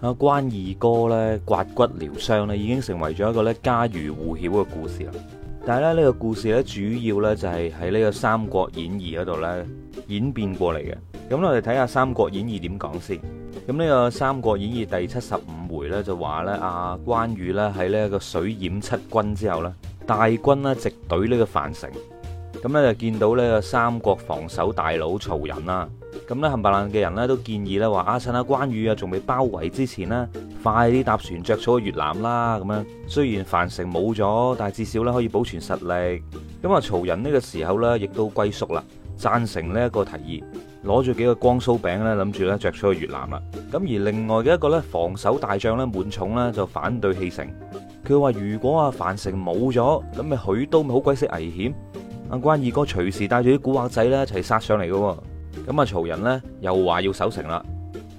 啊關二哥咧刮骨療傷咧已經成為咗一個咧家喻戶曉嘅故事啦，但係咧呢個故事咧主要咧就係喺呢個《三國演義》嗰度咧演變過嚟嘅。咁我哋睇下《三國演義》點講先。咁呢個《三國演義》第七十五回咧就話咧啊關羽咧喺呢個水淹七軍之後咧大軍咧直懟呢個樊城，咁咧就見到呢個三國防守大佬曹仁啦。咁咧冚唪唥嘅人咧都建議咧話啊，趁啊關羽啊仲未包圍之前呢，快啲搭船着草去越南啦咁樣。雖然樊城冇咗，但係至少咧可以保存實力。咁啊曹仁呢個時候咧亦都龜縮啦，贊成呢一個提議，攞住幾個光酥餅咧，諗住咧着草去越南啦。咁而另外嘅一個咧防守大將咧滿寵咧就反對棄城，佢話如果啊樊城冇咗，咁咪許都咪好鬼死危險。阿關二哥隨時帶住啲古惑仔咧一齊殺上嚟嘅。咁啊！曹仁呢，又話要守城啦。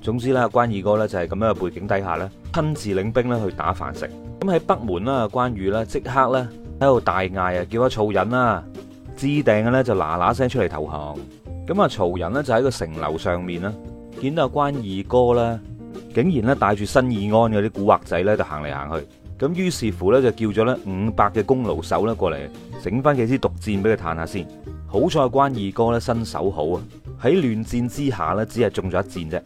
總之咧，關二哥咧就係咁樣嘅背景底下咧，親自領兵咧去打樊城。咁喺北門啦，關羽呢，即刻咧喺度大嗌啊，叫阿曹仁啦，知定嘅咧就嗱嗱聲出嚟投降。咁啊，曹仁呢，就喺個城樓上面啦，見到阿關二哥咧竟然咧帶住新義安嗰啲古惑仔咧就行嚟行去。咁於是乎咧就叫咗咧五百嘅弓弩手咧過嚟整翻幾支毒箭俾佢彈下先。好彩關二哥咧身手好啊！喺亂戰之下呢只係中咗一箭啫。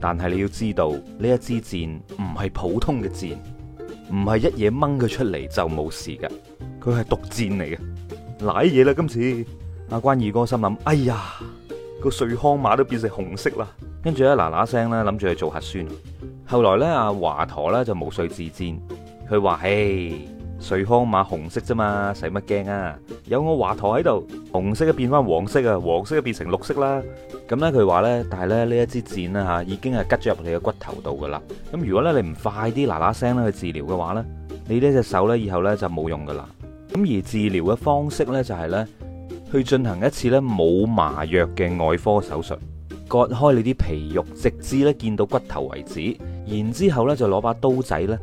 但係你要知道呢一支箭唔係普通嘅箭，唔係一嘢掹佢出嚟就冇事噶。佢係毒箭嚟嘅，瀨嘢啦今次。阿關二哥心諗，哎呀、那個瑞康碼都變成紅色啦，跟住咧嗱嗱聲咧諗住去做核酸。後來咧，阿華佗咧就毛遂自薦，佢話：，嘿。」瑞康馬紅色啫嘛，使乜驚啊？有我華佗喺度，紅色都變翻黃色啊，黃色都變成綠色啦。咁、嗯、呢，佢話呢，但係咧呢一支箭咧、啊、吓，已經係吉咗入你嘅骨頭度噶啦。咁如果咧你唔快啲嗱嗱聲咧去治療嘅話呢，你呢一隻手呢，以後呢，就冇用噶啦。咁而治療嘅方式呢，就係、是、呢，去進行一次呢冇麻藥嘅外科手術，割開你啲皮肉直至呢見到骨頭為止，然之後咧就攞把刀仔呢。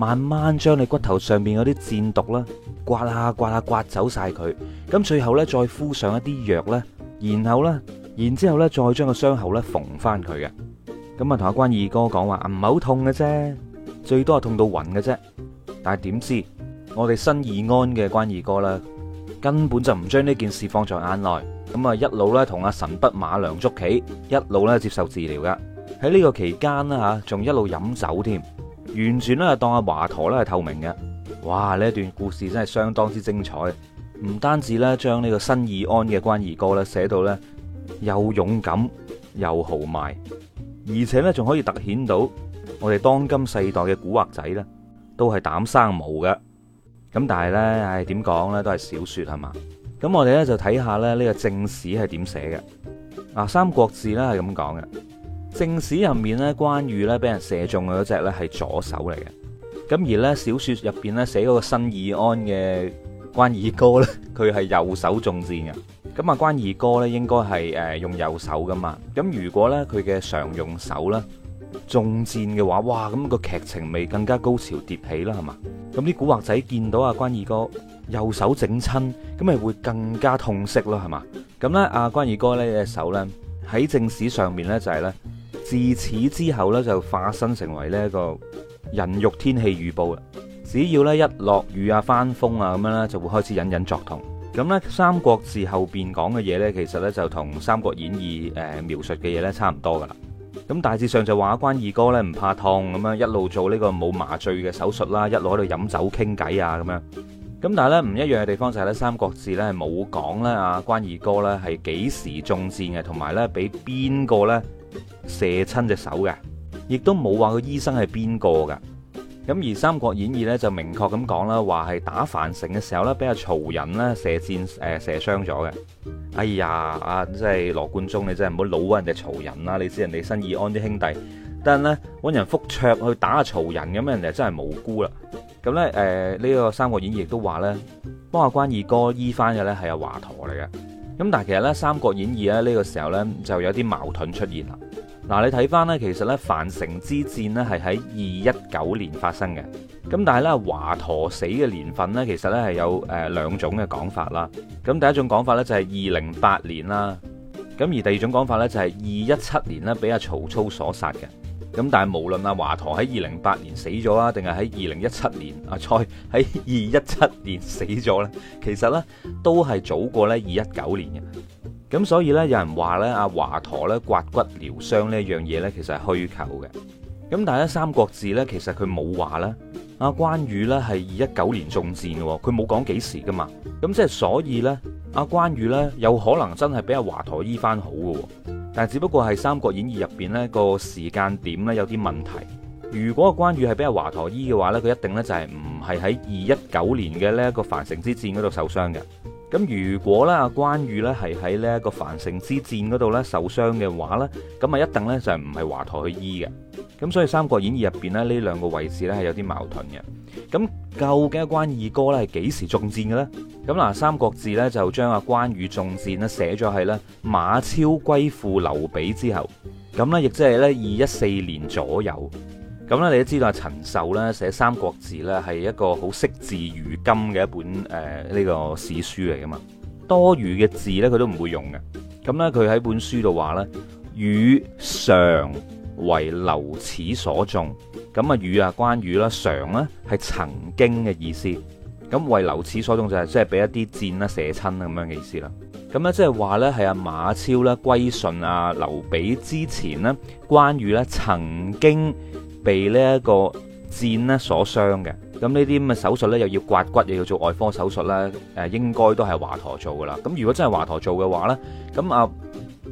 慢慢將你骨頭上面嗰啲箭毒啦，刮下、啊、刮下、啊刮，啊、刮走晒佢，咁最後呢，再敷上一啲藥呢，然後呢，然之後咧再將個傷口呢縫翻佢嘅。咁啊，同阿關二哥講話唔係好痛嘅啫，最多係痛到暈嘅啫。但係點知我哋新義安嘅關二哥咧，根本就唔將呢件事放在眼內，咁啊一路咧同阿神筆馬良捉棋，一路咧接受治療噶。喺呢個期間啦吓，仲一路飲酒添。完全咧當阿華佗咧係透明嘅。哇！呢一段故事真係相當之精彩，唔單止咧將呢個新義安嘅關二哥咧寫到咧又勇敢又豪邁，而且咧仲可以凸顯到我哋當今世代嘅古惑仔咧都係膽生毛嘅，咁但係咧唉點講咧都係小說係嘛，咁我哋咧就睇下咧呢個正史係點寫嘅，嗱，《三國志》咧係咁講嘅。正史入面咧，關羽咧俾人射中嘅嗰隻咧係左手嚟嘅。咁而咧小說入邊咧寫嗰個新義安嘅關二哥咧，佢係右手中箭嘅。咁啊關二哥咧應該係誒用右手噶嘛。咁如果咧佢嘅常用手咧中箭嘅話，哇咁個劇情未更加高潮迭起啦係嘛。咁啲古惑仔見到阿關二哥右手整親，咁咪會更加痛惜咯係嘛。咁咧阿關二哥呢隻手咧喺正史上面咧就係咧。自此之後咧，就化身成為呢一個人肉天氣預報啦。只要咧一落雨啊、翻風啊咁樣咧，就會開始隱隱作痛。咁咧《三國志》後邊講嘅嘢咧，其實咧就同《三國演義》誒、呃、描述嘅嘢咧差唔多噶啦。咁大致上就話關二哥咧唔怕痛咁樣一路做呢個冇麻醉嘅手術啦，一路喺度飲酒傾偈啊咁樣。咁但係咧唔一樣嘅地方就係咧，《三國志》咧冇講咧啊關二哥咧係幾時中箭嘅，同埋咧俾邊個咧？射親隻手嘅，亦都冇話個醫生係邊個嘅。咁而，三、哎而呃《三國演義》咧就明確咁講啦，話係打樊城嘅時候咧，俾阿曹仁咧射箭誒射傷咗嘅。哎呀，啊即係羅貫中，你真係唔好老屈人哋曹仁啦。你知人哋新義安啲兄弟，但係咧搵人伏卓去打阿曹仁咁，人哋真係無辜啦。咁咧誒呢個《三國演義》亦都話咧，幫阿關二哥醫翻嘅咧係阿華佗嚟嘅。咁但係其實咧《三國演義》咧呢個時候呢，就有啲矛盾出現啦。嗱，你睇翻呢，其實呢，樊城之戰呢係喺二一九年發生嘅。咁但係呢，華佗死嘅年份呢，其實呢係有誒兩種嘅講法啦。咁第一種講法呢，就係二零八年啦。咁而第二種講法呢，就係二一七年呢，畀阿曹操所殺嘅。咁但係無論阿華佗喺二零八年死咗啊，定係喺二零一七年，阿蔡喺二一七年死咗咧，其實呢都係早過呢二一九年嘅。咁所以呢，有人話呢阿華佗呢刮骨療傷呢一樣嘢呢，其實係虛構嘅。咁但係咧《三國志》呢，其實佢冇話咧，阿關羽呢係二一九年中箭嘅，佢冇講幾時噶嘛。咁即係所以呢阿關羽呢，有可能真係俾阿華佗醫翻好嘅。但係只不過係《三國演義》入邊呢個時間點呢有啲問題。如果關羽係俾阿華佗醫嘅話呢，佢一定呢就係唔係喺二一九年嘅呢一個樊城之戰嗰度受傷嘅。咁如果咧阿關羽咧係喺呢一個樊城之戰嗰度呢受傷嘅話呢，咁啊一定呢就係唔係華佗去醫嘅。咁所以《三國演義》入邊咧呢兩個位置呢，係有啲矛盾嘅。咁究竟關二哥呢，係幾時中箭嘅呢？咁嗱，《三國志》呢，就將阿關羽中箭呢寫咗係咧馬超歸附劉備之後，咁呢，亦即係呢二一四年左右。咁呢，你都知道陳壽呢寫《三國志》呢，係一個好惜字如金嘅一本誒呢、呃這個史書嚟噶嘛，多餘嘅字呢，佢都唔會用嘅。咁呢，佢喺本書度話呢：「與常為流矢所中，咁啊羽啊關羽啦，嘗咧係曾經嘅意思，咁為流矢所中就係即係俾一啲箭啦射親啦咁樣嘅意思啦，咁咧即係話咧係阿馬超啦歸順啊、劉備之前呢，關羽咧曾經被呢一個箭呢所傷嘅，咁呢啲咁嘅手術咧又要刮骨，又要做外科手術咧，誒應該都係華佗做噶啦，咁如果真係華佗做嘅話咧，咁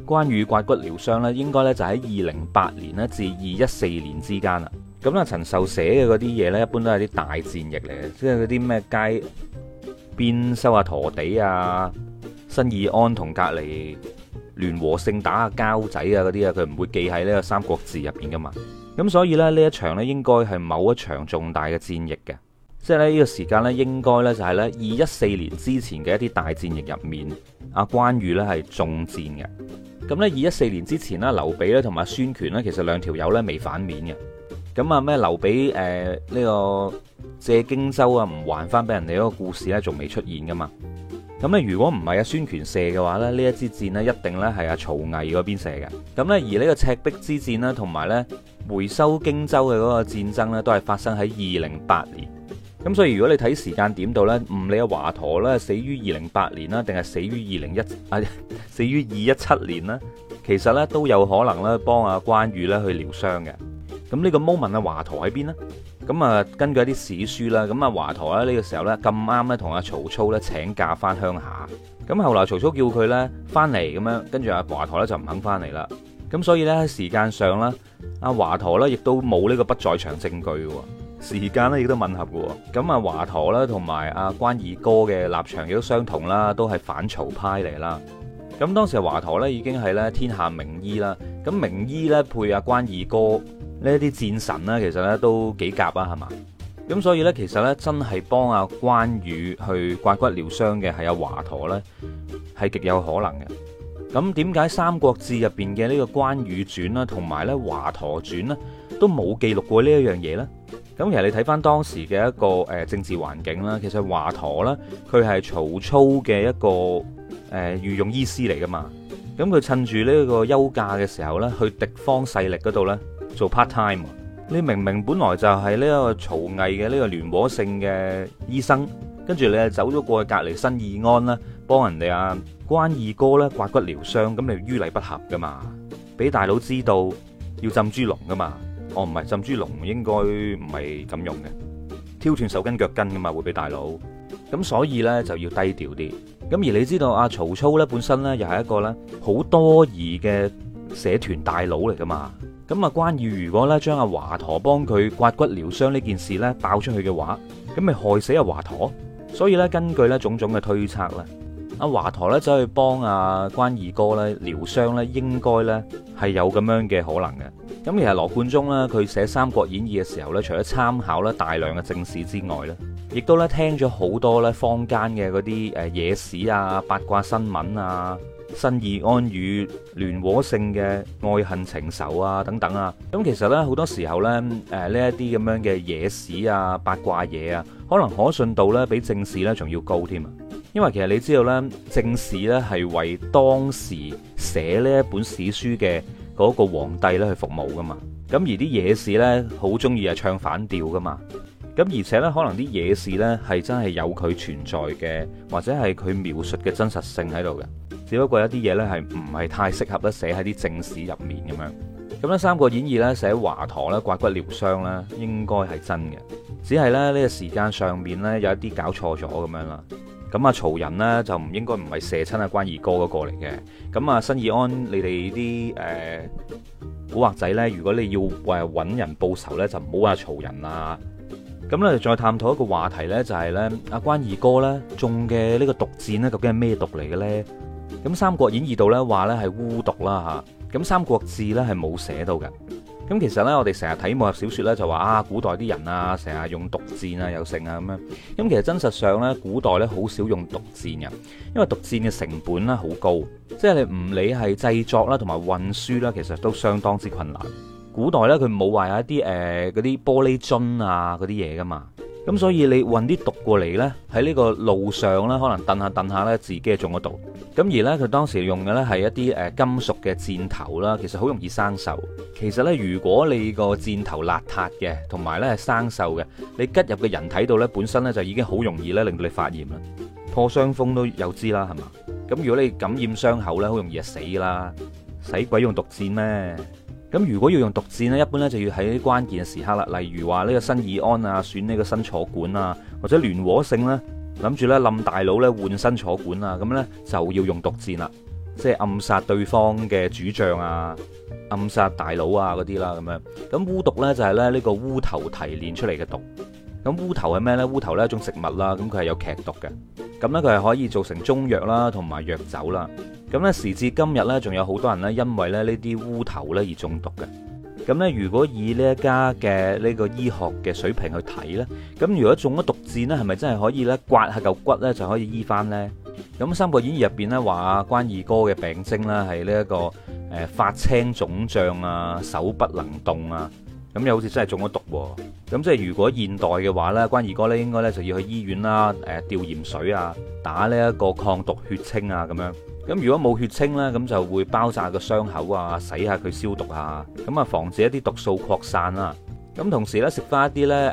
關羽刮骨療傷咧，應該咧就喺二零八年咧至二一四年之間啦。咁咧，陳壽寫嘅嗰啲嘢咧，一般都係啲大戰役嚟嘅，即係嗰啲咩街邊收下陀地啊，新義安同隔籬聯和勝打下交仔啊嗰啲啊，佢唔會記喺呢個《三國志》入邊噶嘛。咁所以咧，呢一場咧應該係某一場重大嘅戰役嘅。即係呢個時間呢應該呢就係呢，二一四年之前嘅一啲大戰役入面，阿關羽呢係中戰嘅。咁呢，二一四年之前呢劉備同埋孫權呢其實兩條友呢未反面嘅。咁啊咩？劉備誒呢個借荊州啊，唔還翻俾人哋嗰個故事呢仲未出現噶嘛？咁如果唔係阿孫權射嘅話呢，一支箭一定呢係阿曹魏嗰邊射嘅。咁呢，而呢個赤壁之戰同埋呢回收荊州嘅嗰個戰爭呢都係發生喺二零八年。咁所以如果你睇時間點到呢？唔理阿華佗呢、啊，死於二零八年啦，定係死於二零一啊死於二一七年啦，其實呢，都有可能咧幫阿關羽呢去療傷嘅。咁呢個 moment 阿華佗喺邊呢？咁啊，根據一啲史書啦，咁啊華佗呢，呢個時候呢，咁啱咧同阿曹操呢，請假翻鄉下。咁後來曹操叫佢呢翻嚟咁樣，跟住阿華佗呢，就唔肯翻嚟啦。咁所以呢，喺時間上咧，阿華佗呢，亦都冇呢個不在場證據喎。時間咧亦都吻合喎，咁啊華佗咧同埋阿關二哥嘅立場亦都相同啦，都係反曹派嚟啦。咁當時華佗咧已經係咧天下名醫啦，咁名醫咧配阿關二哥呢一啲戰神咧，其實咧都幾夾啊，係嘛？咁所以咧其實咧真係幫阿關羽去刮骨療傷嘅係阿華佗咧，係極有可能嘅。咁點解《三國志》入邊嘅呢個《關羽傳》啦，同埋咧《華佗傳》咧都冇記錄過呢一樣嘢咧？咁其實你睇翻當時嘅一個政治環境啦，其實華佗咧佢係曹操嘅一個誒御用醫師嚟噶嘛。咁佢趁住呢個休假嘅時候咧，去敵方勢力嗰度咧做 part time。你明明本來就係呢個曹魏嘅呢個聯和性嘅醫生，跟住你係走咗過去隔離新義安啦，幫人哋呀關二哥咧刮骨療傷，咁你於理不合噶嘛，俾大佬知道要浸豬籠噶嘛。我唔係浸豬籠，應該唔係咁用嘅，挑斷手筋腳筋噶嘛，會俾大佬。咁所以呢，就要低調啲。咁而你知道阿曹操呢，本身呢又係一個呢好多疑嘅社團大佬嚟噶嘛。咁啊關羽如果呢將阿華佗幫佢刮骨療傷呢件事呢爆出去嘅話，咁咪害死阿華佗。所以呢，根據呢種種嘅推測呢，阿華佗呢就去幫阿關二哥呢療傷呢，應該呢係有咁樣嘅可能嘅。咁其實羅貫中咧，佢寫《三國演義》嘅時候咧，除咗參考咧大量嘅正史之外咧，亦都咧聽咗好多咧坊間嘅嗰啲誒野史啊、八卦新聞啊、新義安與聯和性嘅愛恨情仇啊等等啊。咁其實咧好多時候咧，誒呢一啲咁樣嘅野史啊、八卦嘢啊，可能可信度咧比正史咧仲要高添啊。因為其實你知道咧，正史咧係為當時寫呢一本史書嘅。嗰個皇帝咧去服務噶嘛，咁而啲野史呢好中意啊唱反調噶嘛，咁而且呢可能啲野史呢係真係有佢存在嘅，或者係佢描述嘅真實性喺度嘅，只不過有啲嘢呢係唔係太適合咧寫喺啲正史入面咁樣。咁咧《三國演義》呢寫華佗呢刮骨療傷呢應該係真嘅，只係咧呢個時間上面呢有一啲搞錯咗咁樣啦。咁啊，曹仁咧就唔應該唔係射親阿關二哥嗰個嚟嘅。咁啊，新義安，你哋啲、呃、古惑仔咧，如果你要誒揾人報仇咧，就唔好話曹仁啦。咁咧，再探討一個話題咧，就係、是、咧，阿關二哥咧中嘅呢個毒箭咧，究竟係咩毒嚟嘅咧？咁《三國演義呢》度咧話咧係烏毒啦吓，咁《三國志呢》咧係冇寫到嘅。咁其實呢，我哋成日睇武俠小說呢，就話啊，古代啲人啊，成日用毒箭啊，又剩啊咁樣。咁其實真實上呢，古代呢，好少用毒箭嘅，因為毒箭嘅成本呢好高，即係你唔理係製作啦，同埋運輸啦，其實都相當之困難。古代呢，佢冇話有啲誒嗰啲玻璃樽啊嗰啲嘢㗎嘛。咁所以你運啲毒過嚟呢，喺呢個路上呢，可能燉下燉下呢，自己係中咗毒。咁而呢，佢當時用嘅呢係一啲誒金屬嘅箭頭啦，其實好容易生鏽。其實呢，如果你個箭頭邋遢嘅，同埋呢係生鏽嘅，你吉入嘅人體度呢，本身呢就已經好容易呢令到你發炎啦。破傷風都有知啦，係嘛？咁如果你感染傷口呢，好容易就死啦。使鬼用毒箭咩？咁如果要用毒箭咧，一般咧就要喺關鍵嘅時刻啦，例如話呢個新義安啊，選呢個新坐管啊，或者聯和勝咧，諗住咧冧大佬咧換新坐管啊，咁咧就要用毒箭啦，即係暗殺對方嘅主將啊，暗殺大佬啊嗰啲啦，咁樣。咁烏毒咧就係咧呢個烏頭提煉出嚟嘅毒，咁烏頭係咩咧？烏頭咧一種植物啦，咁佢係有劇毒嘅，咁咧佢係可以做成中藥啦，同埋藥酒啦。咁咧，時至今日咧，仲有好多人咧，因為咧呢啲烏頭咧而中毒嘅。咁咧，如果以呢一家嘅呢個醫學嘅水平去睇咧，咁如果中咗毒箭咧，係咪真係可以咧刮下嚿骨咧就可以醫翻咧？咁《三國演義》入邊咧話啊關二哥嘅病徵啦，係呢一個誒發青腫脹啊，手不能動啊，咁又好似真係中咗毒。咁即係如果現代嘅話咧，關二哥咧應該咧就要去醫院啦，誒吊鹽水啊，打呢一個抗毒血清啊，咁樣。咁如果冇血清呢，咁就會包紮個傷口啊，洗下佢消毒啊，咁啊防止一啲毒素擴散啦。咁同時呢，食翻一啲呢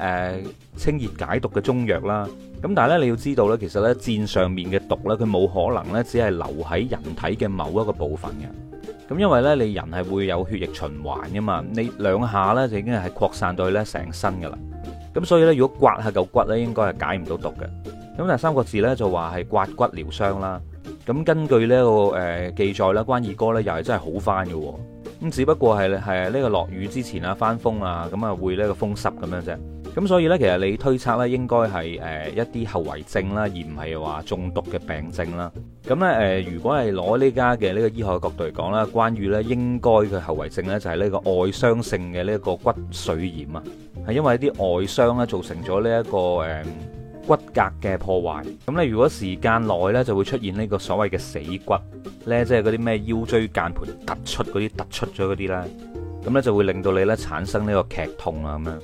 誒清熱解毒嘅中藥啦。咁但係呢，你要知道呢，其實呢，箭上面嘅毒呢，佢冇可能呢只係留喺人體嘅某一個部分嘅。咁因為呢，你人係會有血液循環噶嘛，你兩下呢就已經係擴散到去呢成身噶啦。咁所以呢，如果刮下嚿骨呢，應該係解唔到毒嘅。咁但三個字呢，就話係刮骨療傷啦。咁根據呢個誒記載咧，關二哥咧又係真係好翻嘅喎，咁只不過係係呢個落雨之前啦，翻風啊，咁啊會呢個風濕咁樣啫。咁所以咧，其實你推測咧，應該係誒一啲後遺症啦，而唔係話中毒嘅病症啦。咁咧誒，如果係攞呢家嘅呢個醫學角度嚟講咧，關於咧應該嘅後遺症咧，就係呢個外傷性嘅呢一個骨髓炎啊，係因為一啲外傷咧造成咗呢一個誒，骨骼嘅破壞，咁咧如果時間耐咧，就會出現呢個所謂嘅死骨咧，即係嗰啲咩腰椎間盤突出嗰啲突出咗嗰啲咧，咁咧就會令到你咧產生呢個劇痛啊咁樣。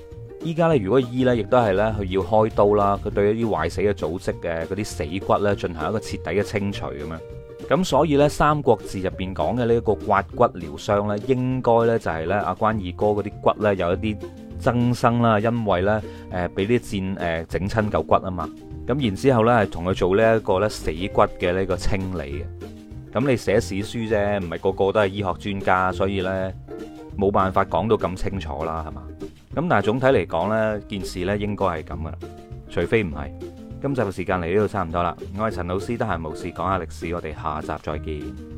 依家咧如果醫咧，亦都係咧佢要開刀啦，佢對一啲壞死嘅組織嘅嗰啲死骨咧進行一個徹底嘅清除咁樣。咁所以咧《三國志》入邊講嘅呢一個刮骨療傷咧，應該咧就係咧阿關二哥嗰啲骨咧有一啲。增生啦，因為咧，誒俾啲箭誒整親嚿骨啊嘛，咁然之後咧係同佢做呢一個咧死骨嘅呢個清理嘅。咁你寫史書啫，唔係個個都係醫學專家，所以咧冇辦法講到咁清楚啦，係嘛？咁但係總體嚟講咧，件事咧應該係咁噶啦，除非唔係。今集嘅時間嚟呢度差唔多啦，我係陳老師，得閒無事講下歷史，我哋下集再見。